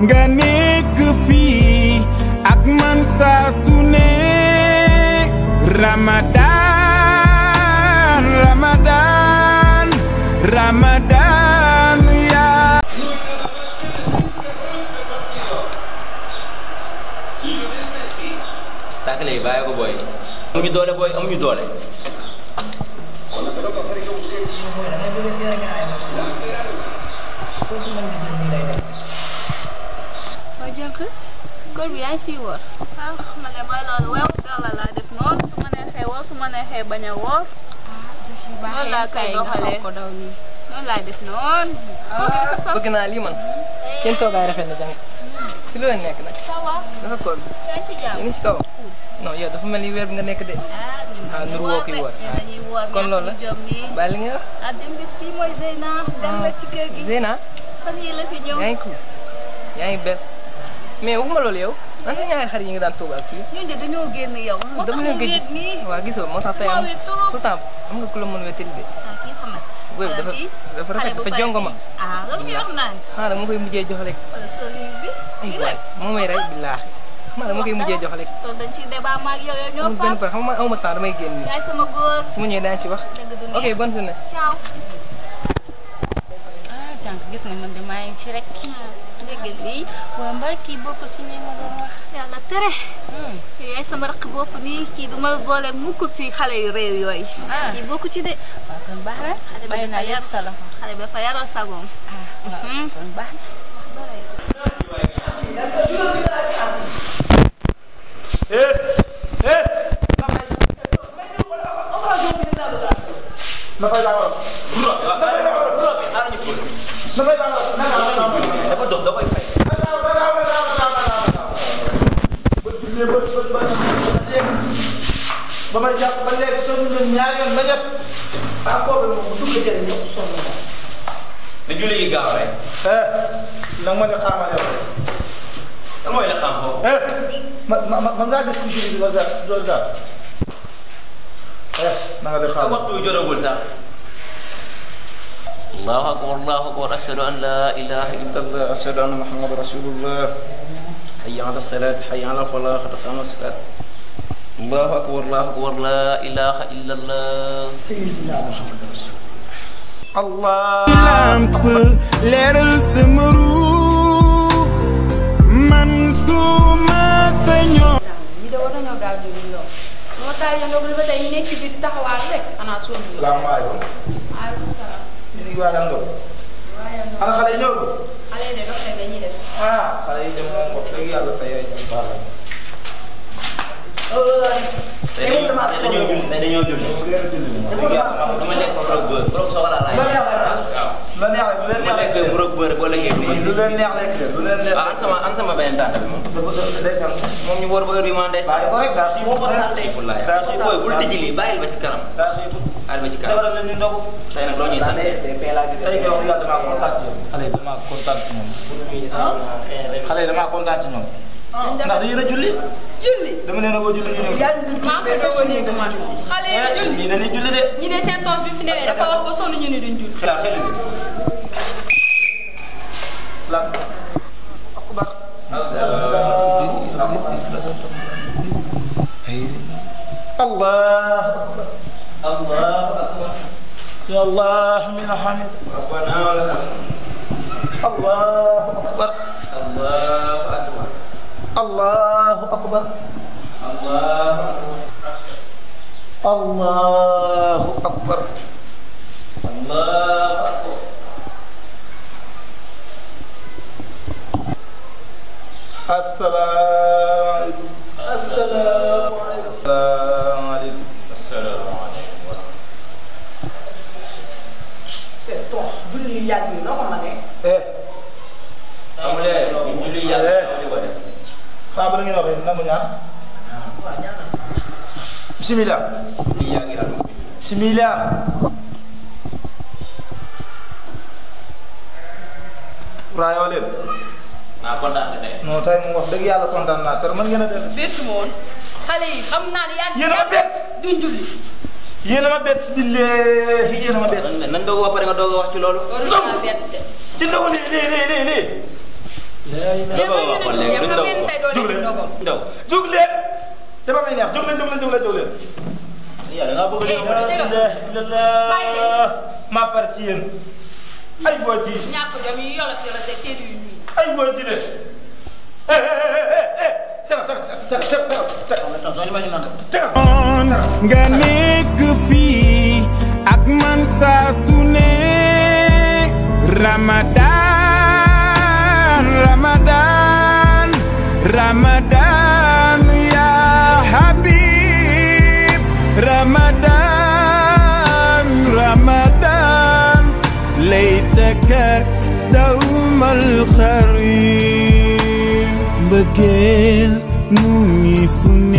nga nekk fii ak man saa ne Ramadan Ramadan Ramadan kër bi ngi siy woor. ah ma ne mooy loolu weewu yàlla laa def noonu su ma neexee woor su ma neexee bañ a woor. loolu laa def noonu. Ah. bëgg naa lii man seen toogaay rafet na jàng ci lu nekk nag. dafa koor bi. ñu dafa mel ni weer nekk de. ah nur woo koy kon loolu la bàyyi li nga wax. ah dem bis kii mooy Zeyna. dem ah. la ci kër gi Zeyna. fan yii la fi ñëw yaa ngi ko yaa ngi bett. mais waxuma loolu yow man sa ñaari xarit yi nga daan toog ak kii. ñun de dañoo génn yow. gisoo moo tax tey am tout le temps am nga ku la mën wettali de. dafa dafa rafet ma. ah loolu ngay wax naan. xanaa dama koy mujjee jox rek. moo may rey billaahi. xanaa koy mujjee jox rek. loolu dañ ciy ma ak yow ñoo fa. benn xam nga awma temps damay génn. yaay sama góor. su ma ñëwee daan ci wax. ok bonne journée. ciao. rek. geli wamba kibo kusini marwa ya latere ya samara kibo puni kido mal bole mukuti hale reu yois kibo kuti de akan bahre ade bay na yar sala ade bay fayar sago bahre eh eh Nampak tak? Nampak tak? Nampak tak? Nampak tak? Nampak tak? Nampak الله أكبر الله أكبر أشهد أن لا إله إلا الله أشهد أن محمد رسول الله حي على الصلاة حي على الفلاح دخلنا الصلاة allahu akbar allahu akbar la ilaha illa allah sayyidina muhammad rasul allah man su ma sañoo ñi de war nañoo gaaw ba tey nekk ci biir taxawaal rek xanaa suuf bi la maa yoon maaleykum salaam ñu yi ñëw xale de dañuy def ah, tey moom damaa soxla dañoo julli tey dañoo julli. dama lekk mburok bër mburok soxla laay. lu leen neex rek ma lekk mburok bër boo lekkee lu leen neex rek lu leen neex an sama an sama beneen tànta bi moom. ndeysaan moom ñu wóor ba heure bi ma ndeysaan. bàyyi ko rek daa xiibu ko rek tey. wallaahi booy bul tijji lii bàyyil ba ci kanam. daa xiibu bàyyil ba ci kanam. defaral nañu ndogu. tey nag loo ñuy sant. tey kay wax dëgg yàlla damaa kontaan ci moom. xale yi damaa kontaan ci moom. Ah. ndax dañu la julli. julli dama leen a woo julli ñu ne. yaa ngi julli ko xale yi eh, julli ñii dañuy julli de. ñi ne seen tos fi newee dafa wax ba ñu ni duñ julli. xelal xelal bi. lan. allah. akbar. ya allah min hamid. allah allah akbar. allahu akbar allahu akbar asalaamaaleykum asalaamaaleykum asalaamaaleykum asalaamaaleykum wa rahmatulah. tos julli yàgg yi noo ko mënee. eh. amulee julli yàgg. xanaa ba la ngeen waxee nangu ñaan bisimilah bisimilah raayoo leen naa kontaan tey non tey mu wax dëgg yàlla kontaan naa man ngeen a def bettu moon xale yi naa ne yaa yéen a ma bett duñ julli yéen a ma bett pare nga doog a wax ci loolu ci jóg leen te ba muy neex jóg leen jóg leen jóg leen jóg leen. yàlla naa bëgg maa par ci yéen. ay boo ji. ñàkk jom yi yolof yolof te seen yu ñuy. ay boo ji de. tera tera tera tera tera nga nekk fii ak man saa su ne Ramadan. رمضان يا حبيب رمضان رمضان ليتك دوم الخريب بقيل نومي فنون